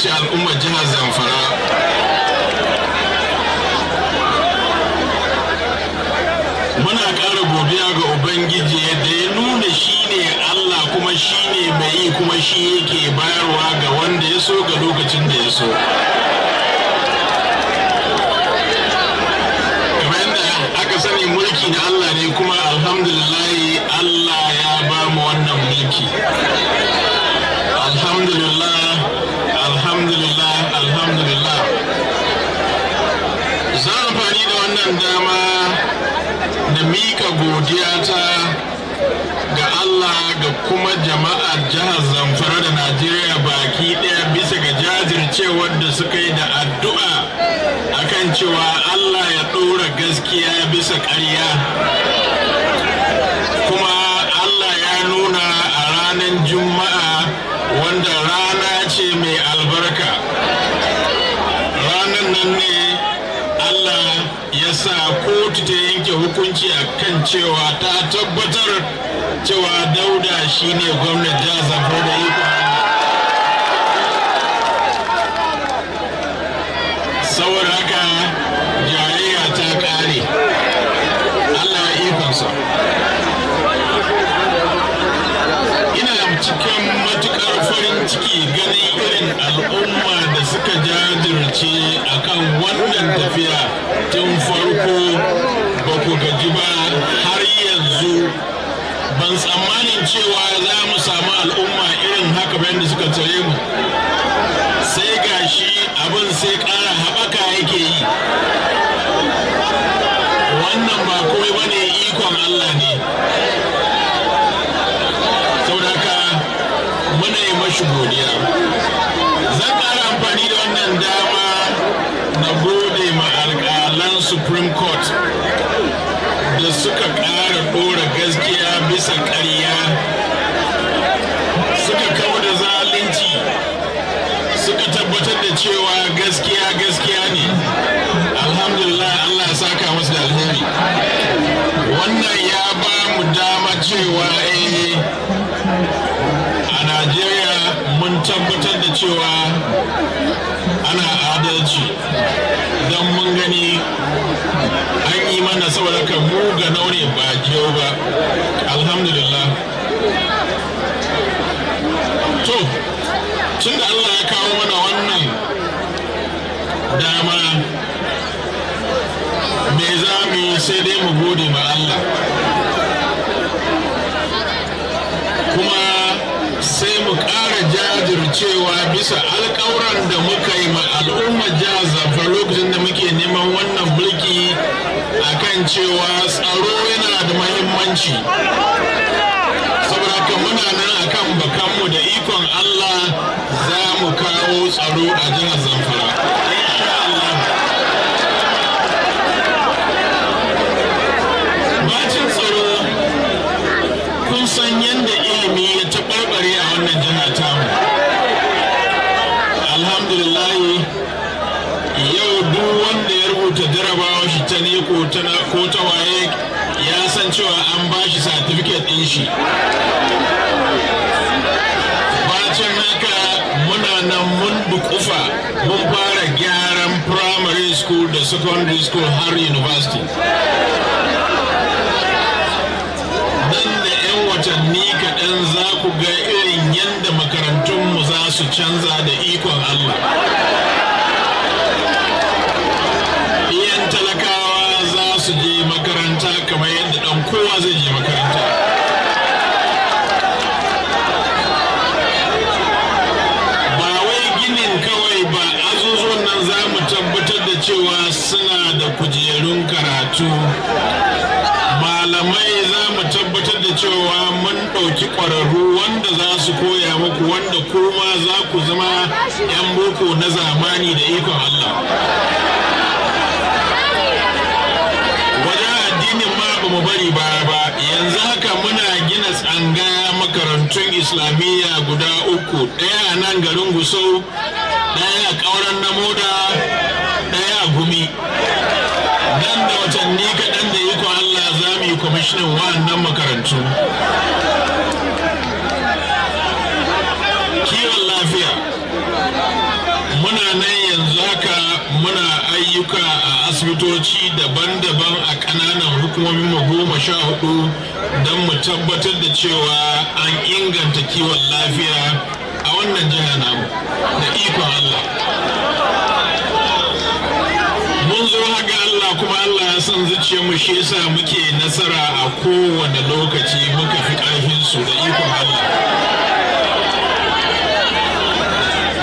wakilci al'ummar jihar zamfara muna ƙara godiya ga ubangiji yadda ya nuna shi ne allah kuma shi ne mai yi kuma shi yake bayarwa ga wanda ya so ga lokacin da ya so kamar yadda aka sani mulki da allah mika godiyata ga Allah ga kuma jama'ar jihar Zamfara da Najeriya baki ɗaya bisa ga jajircewar da suka yi da addu'a akan cewa Allah ya ɗora gaskiya bisa ƙarya. Kuma Allah ya nuna a ranar Juma'a wanda rana ce mai albarka. Ranar nan ne Allah ya sa kotu ta yanke hukunci a kan cewa ta tabbatar cewa dauda shine gwamnan jihar zamfara da iko saboda haka jayayya ta kare allah ya ikonsa ina cikin matukar farin ciki ganin irin al'umma fulani sauraka muna yi mashi godiya zan ƙara amfani da wannan dama na gode ma alƙalan supreme court da suka ƙara ɗora gaskiya bisa ƙarya suka kawo da zalunci suka tabbatar da cewa gaskiya gaskiya ne alhamdulillah allah saka masu da alheri wannan ya ba mu dama cewa eh a najeriya mun tabbatar da cewa ana adalci don mun gani an yi mana saboda ka mu ga naune ba jiyau ba alhamdulillah to tun da allah ya kawo mana wannan dama me za mu sai dai mu gode ma Allah kuma sai mu ƙara jajircewa bisa alƙawuran da muka yi ma al'umma jihar zamfara lokacin da muke neman wannan mulki akan cewa tsaro yana da mahimmanci saboda muna nan akan bakanmu da ikon Allah za mu kawo tsaro a jihar zamfara bacin tsaro kun san yadda ilimi ya taɓarɓare a wannan jiha mu alhamdulillahi yau duk wanda ya rubuta jarabawa shi ta ne ko ta waye ya san cewa an ba shi satifiket ɗin shi bacin haka muna nan mun bukufa mun fara gyaran primary school da secondary school har university su canza da ikon Allah. Iyan talakawa za su je makaranta kamar yadda ɗan kowa zai je makaranta. Ba wai ginin kawai ba azuzuwan nan za mu tabbatar da cewa suna da kujerun karatu. Malamai cewa mun ɗauki ƙwararru wanda za su koya muku wanda kuma za ku zama 'yan boko na zamani da ikon Allah. Wajen addinin ma ba mu bari ba ba yanzu haka muna gina tsangaya makarantun islamiyya guda uku ɗaya a nan garin gusau ɗaya a ƙauren na moda kwamishinan wa'annan makarantu kiwon lafiya muna nan yanzu haka muna ayyuka a asibitoci daban-daban a ƙananan hukumomin goma sha hudu don mu tabbatar da cewa an inganta kiwon lafiya a wannan jihar namu da ikon Allah. san zuciyarmu shi yasa muke nasara a kowane lokaci muka fi ƙarfin su da iko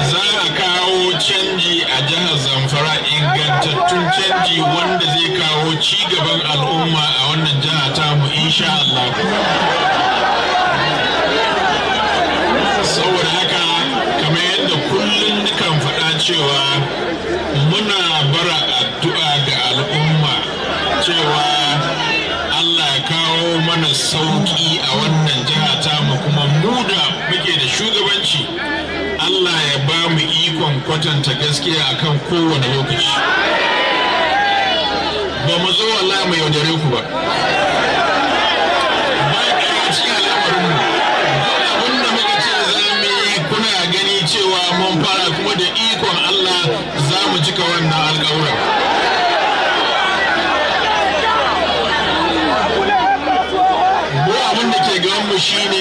za a kawo canji a jihar zamfara ingantattun canji wanda zai kawo ci gaban al'umma a wannan jiha ta mu insha Allah saboda haka kamar yadda kullum dukan faɗa cewa shugabanci Allah ya bamu ikon kwatanta gaskiya a kan kowane lokaci ba mu zo Allah mu yaudare ku ba ba ƙarfi al'amarinmu abin da muka ce za mu yi kuna gani cewa mun fara kuma da ikon Allah za mu cika wannan alƙawura. shine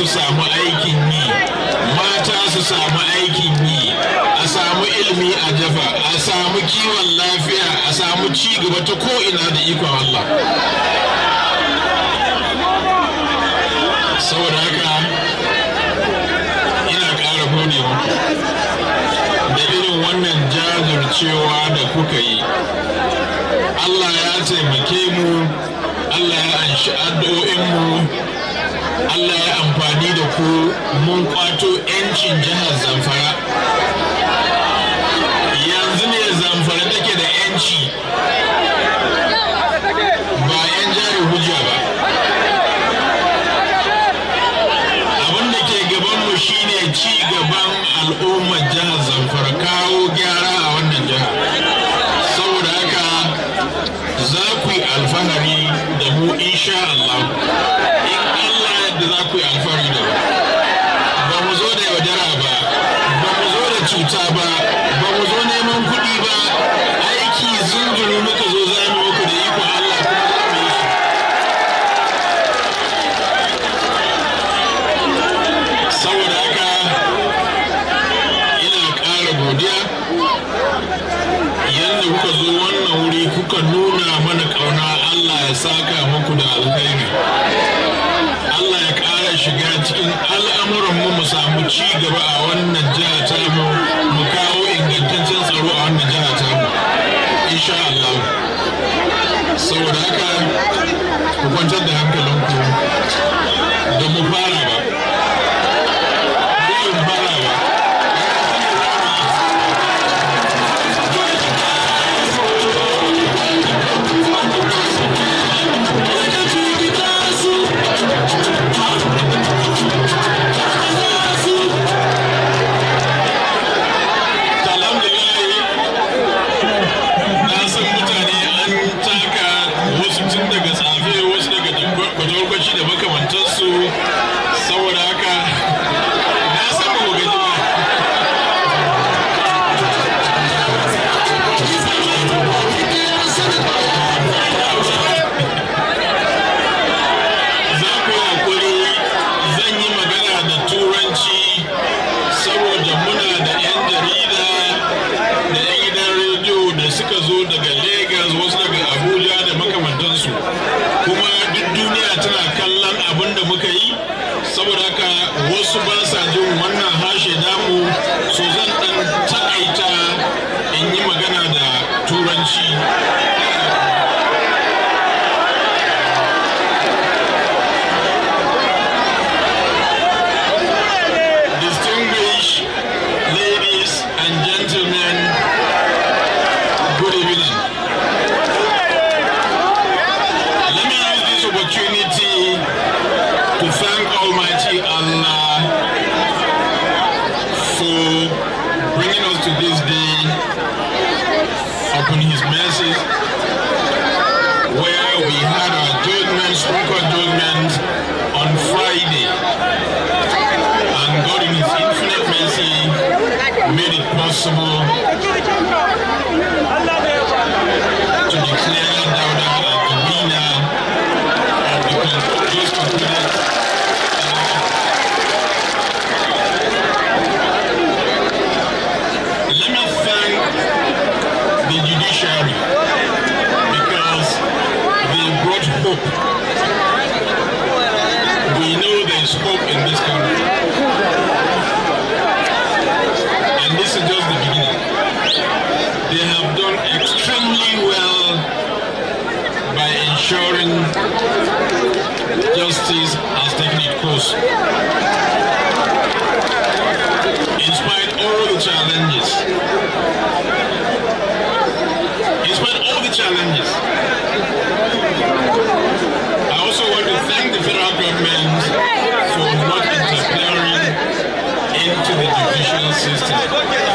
su samu aikin yi mata su samu aikin yi a samu ilimi a jafa a samu kiwon lafiya a samu cigaba ta ko'ina da ikon Allah saboda haka ina ƙara gode da irin wannan jajircewa da kuka yi Allah ya taimake mu Allah ya anshi addu'o'inmu Allah ya amfani da ku mun kwato 'yancin jihar Zamfara. Yanzu ne Zamfara take da 'yanci ba 'yan jari hujja ba. Abin da ke gabanmu shi ne ci gaban al'ummar jihar Zamfara kawo gyara a wannan jihar. Saboda haka za ku yi alfahari da mu insha Allah. da za ku yi amfani da ba ba mu zo da yaudara ba ba mu zo da cuta ba ba mu zo neman kuɗi ba aiki zunguru muka zo za mu muku da iko Allah kuma za mu yi saboda haka ina ƙara godiya yadda kuka zo wannan wuri kuka nuna mana ƙauna Allah ya saka muku da alheri shiga cikin al'amuran mu mu samu ci gaba a wannan jiha ta mu mu kawo ingantaccen tsaro a wannan jiha ta mu insha Allah saboda haka ku kwantar da hankalinku da mu fara ba saboda haka wasu ba sa jin wannan harshe damu so zan dan 什么？Justice has taken its course. In spite of all the challenges, in spite of all the challenges, I also want to thank the federal government for not interfering into the judicial system.